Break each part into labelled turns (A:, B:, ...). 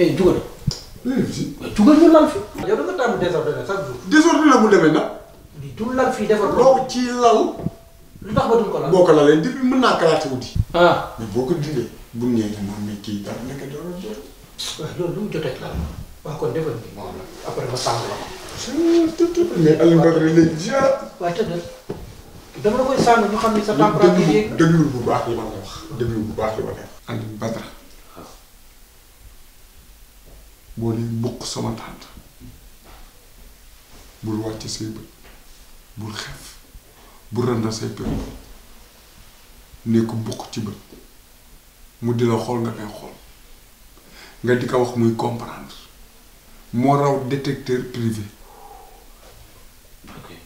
A: eh jugal. Eh, jugal ñu lal fi.
B: yow da nga tàmm désordre la chaque jour.
A: désordre la bu demee nag. di du lal fii defar loo ci lal. lu tax ba duñ ko lal boo ko lalee depuis mën naa kalaate
B: wuti. ah mais boo ko dindee. bu mu ñëwee moom mi kii
C: dara nekk doole doole. waaw loolu lu mu jotee ak lal waaw kon defal nii moom la après
A: ma sànq la ko. mais Alioune Badara lay
B: jaar. waaw tëddal dama la koy sànq ñu xam ne sa température.
A: dégluwul bu baax li ma la wax dégluwul bu baax li ma la wax. Alioune Badara. boo ne mukk sama tànt bul wàcc say bët bul xef bul rëndal say pér ne bukk ci bët mu di la xool nga koy xool nga di ko wax muy comprendre moo raw détecteur privé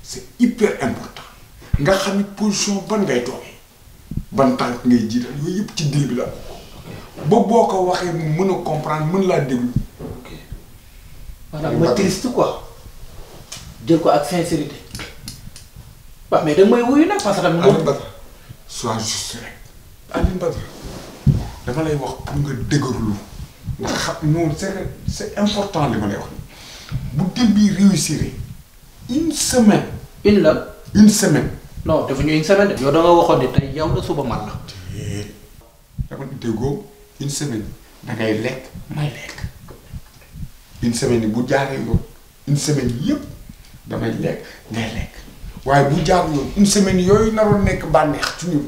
A: c'est hyper important nga xam ne position ban ngay toogee ban tànk ngay jiital yooyu yëpp ci dil bi la ba boo ko waxee mu mën a comprendre mën
B: laa déglu maanaam ma triste quoi ak sincérité waaw da may wuyu nag parce que tamit.
A: Alioune dama lay wax pour nga dëgërlu nga xam noonu c'est important li ma lay wax bu dem bi réussir une semaine. une la une semaine. non dafa ñu une semaine de. yow da waxoon ne tey yow la suba man la. déet dama déggoo lekk may lekk. une semaine yi bu jaaree yoon une semaine yëpp damay lekk ngay lekk waaye bu jaarul yoon une semaine yooyu naroon nekk bànneex ci ñun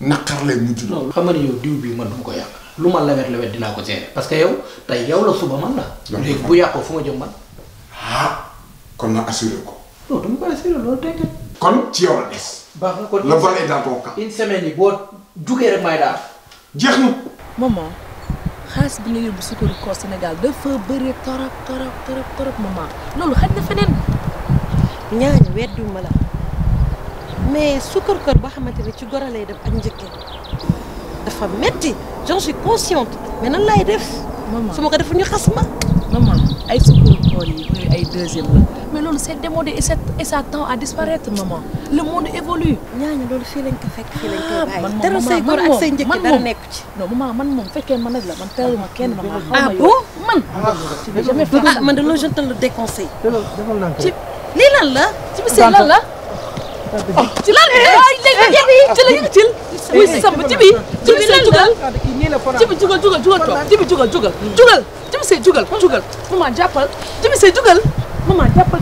B: naqar lay mujj. non xam yow diw bii man du ma ko yàq lu ma lewet lawet dinaa ko gérer parce que yow tey yow la suba man la. léegi bu yàqoo fu ma jëm man.
A: ah kon na assuré ko.
B: non dama ko assuré loolu tey kon ci yow la des. baax na kon le vol est yi boo jugee rek may daal.
C: jeex na. maman. xaalis bi nga yóbbu sukkaru koor Sénégal dafa bëri torop torop torop torop maman loolu xaj na feneen. ñaañu wedduma la mais sukkaru koor boo xamante ne ci goro lay def ak njëkke dafa metti j'en suis consciente mais nan laay def. maman su ma ko defee xas ma. maman ay sukkaru koor yi bëri ay mais loolu c'est démodé et ça et ça tend à disparaître maman le monde évolue. ñaañu loolu fii lañ ko fekk fii lañ koy bàyyi. dara say góor ak say njëkk dara nekk ci. non maman man moom fekkee man nag la man teelal ma kenn maman. ah bon man. ah man de loolu je te le déconseille. ci lii lan la. ci monsieur lan la. ci lan la waay léegi ci la yëg ci. wuy si sàmm ci bi ci bi lan
B: la ci bi jugal jugal jugal toog ci
C: bi jugal jugal jugal ci bi say jugal jugal maman jàppal ci bi say jugal. maman jàppal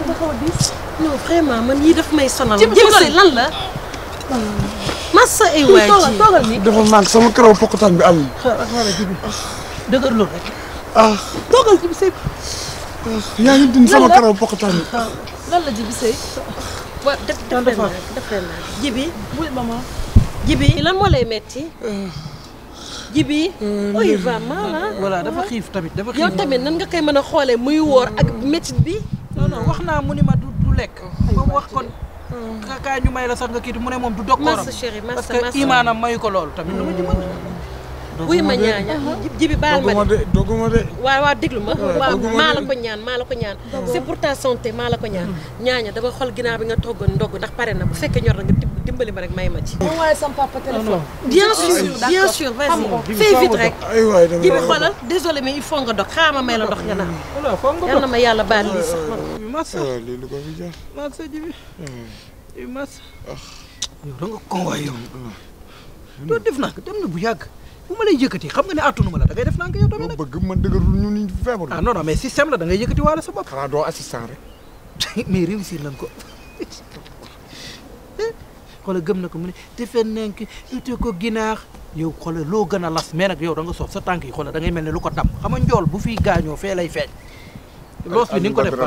C: man yii daf may sonal. jëm la. massa ay waay ji toogal ni dafa
A: naan sama karaw pokkutaan bi am na.
C: xaaral xaaral jibi dëgër loolu rek. ah toogal jibi sëy. Ah,
A: yaa ngi dindi bi.
C: lan la jibi sëy. wa def defee naa defee naa jibi. bul maman. jibi lan moo metti ah. jibi. Euh, oy va ah. dafa xiif tamit nan nga koy mën a xoolee muy woor ak métit bi. non wax naa mu ni ma du du lekk. ba wax kon mm. kaay ñu may la sax nga kii mu ne moom du. dog kooram parce que imaanam mayu ko loolu tamit mm. lu ma ci mën. wuy ma ñaaña jibi baal ma de dogguma de waaw waaw déglu ma waaw maa la ko ñaan maa la ko ñaan c'est pour ta santé maa la ko ñaan ñaaña dama xool ginnaaw bi nga togg ndogg ndax pare na bu fekkee ñor na nga dimbali ma rek may ma ci waaye sama papa téléphone ah, bien sûr bien sûr vas-y fais vite rek jibi xoolal désolé mais il faut nga dog xaama may la ndox nga naan yal na ma yàlla baal lii sax
B: masa ah,
A: lii lu ko fi jar
B: masa jibi hmm. masa ah. yow da nga ko waay yow doo def naa ko dem na bu yàgg bu ma lay yëkkati xam nga ne attunu ma la def nank man dëgërul ñu ni feebar ah la da ngay yëkkati waale sa bopp xanaa doo assistant rek mais réussir nañ ko xoolal gëm na ko mu ne defe nank ute ko ginaax yow xoolal loo gën a las mais nag yow da nga soof sa tànk yi xoolal da ngay mel ne lu ko dam xam nga njool bu fiy gaañoo fee lay feeñ loo bi ni nga ko def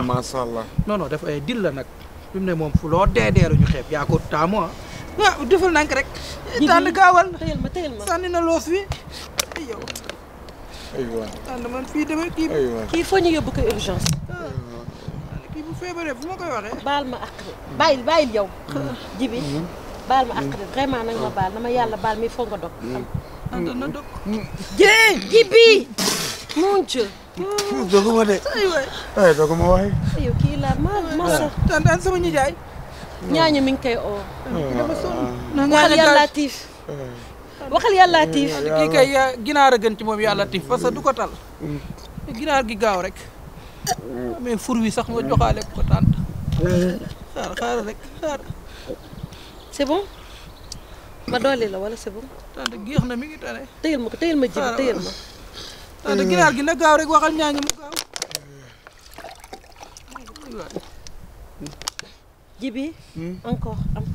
B: non non def ay eh, dil la nag mu ne moom fu loo deedeeru ñu xeeb yaa ko taamu ah. waaw defal nank rek. tànn gaawal
C: tëyal ma tëyal ma sànni na loos wi yow. aywa tànn man fii dama kii. kii foo ñu yóbbu ko urgence. feebaree bu ma koy waxee. baal ma àq bàyyil bàyyil yow. Mm-hmm. jibi mm-hmm. baal ma àq de mm-hmm. vraiment nag ma baal na ma yàlla baal mi foo nga dog. ah jibi. mon dieu. doguma de. aywa
A: aywa doguma waay.
C: yow ma ma sa. ñaañu mi ngi koy oo.
B: Ah,
C: ah. waxal yàlla ah. latif. waxal yàlla latif. kii kay
B: ginaar gën ci moom yàlla latif parce que du ko tal. Mm. ginaar gi gaaw rek. mais fur wi sax ma joxaale ko tànt.
C: xaar xaar rek xaar. c'est ma dolli la wala c'est bon.
B: tànt géex na mi ngi tane.
C: tëyal ma ko tëyal ma
B: tànt
C: ginaar gi na gaaw rek waxal ñaañu mu gaaw. jibi hmm? encore am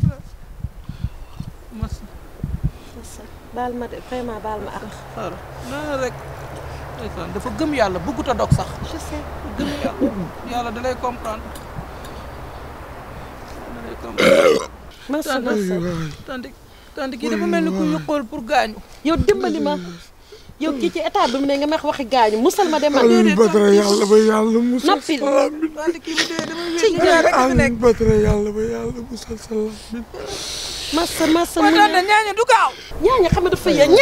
C: masa baal ma de vraiment baal ma ak xaaral rek dafa gëm yàlla
B: bëggut a dog sax je sais gëm yàlla yàlla dalay comprendre
C: dalay comprendre
B: masa dafa mel ni ku yuqool
C: pour gaañu yow dimbali ma yow kii ci état bi mu ne nga wax waxi gaañu musal ma dem. Alioune Badara yàlla ba yàlla musal. nappil ci jël rek fi nekk Alioune Badara yàlla ba yàlla musal salaam. massa massa mu ne ñaaña du gaaw. xam dafa yéen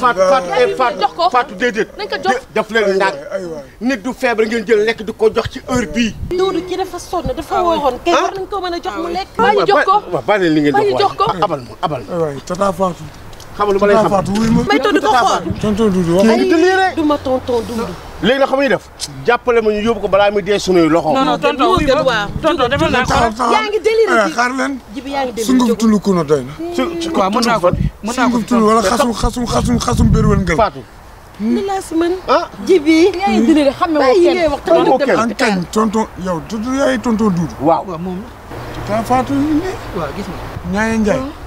C: Fatou
A: Fatou déedéet daf leen nag nit du feebar ngeen jël lekk di ko jox ci
C: heure bii. Doudou ki dafa sonn dafa ah, waxoon kay war ah. nañ ko a jox mu ah, lekk. bàyyi jox ko
A: bàyyi li ngeen jox ko abal ma abal ma. aywa tata Fatou. xam nga lu ma
C: du ma tonton Doudou.
A: léegi nag xam nga def jàppale ma ñu ko balaa muy dee sunuy loxo. non non tonton
C: wuy ma tonton defal naa ko yaa ngi délire bi eh, xaar leen. jibi yaa ngi délire sunguf
A: tulu su waaw mën naa ko mën naa ko sunguf tulu li laa ah. xam
C: nga woo kenn woo kenn an kañ
A: tonton yow tonton yaay tonton Doudou. waaw waaw moom. taa Fatou nii. waaw gis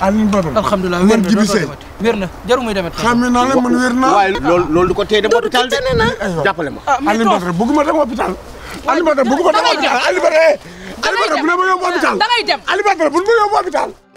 A: Alioune Badara alhamdulilah wér na dootoo demati
B: wér na jarul muy demati. xam naa ne man wér naa. waaye loolu du ko téye dem hôpital de. jàppale ma. ah Alioune Badara
A: bëgguma dem hôpital. Alioune Badara bëgguma dem hôpital Alioune Badara. Eh. da ngay dem bu ne ma yóbbu hôpital. da ngay dem Alioune Badara bu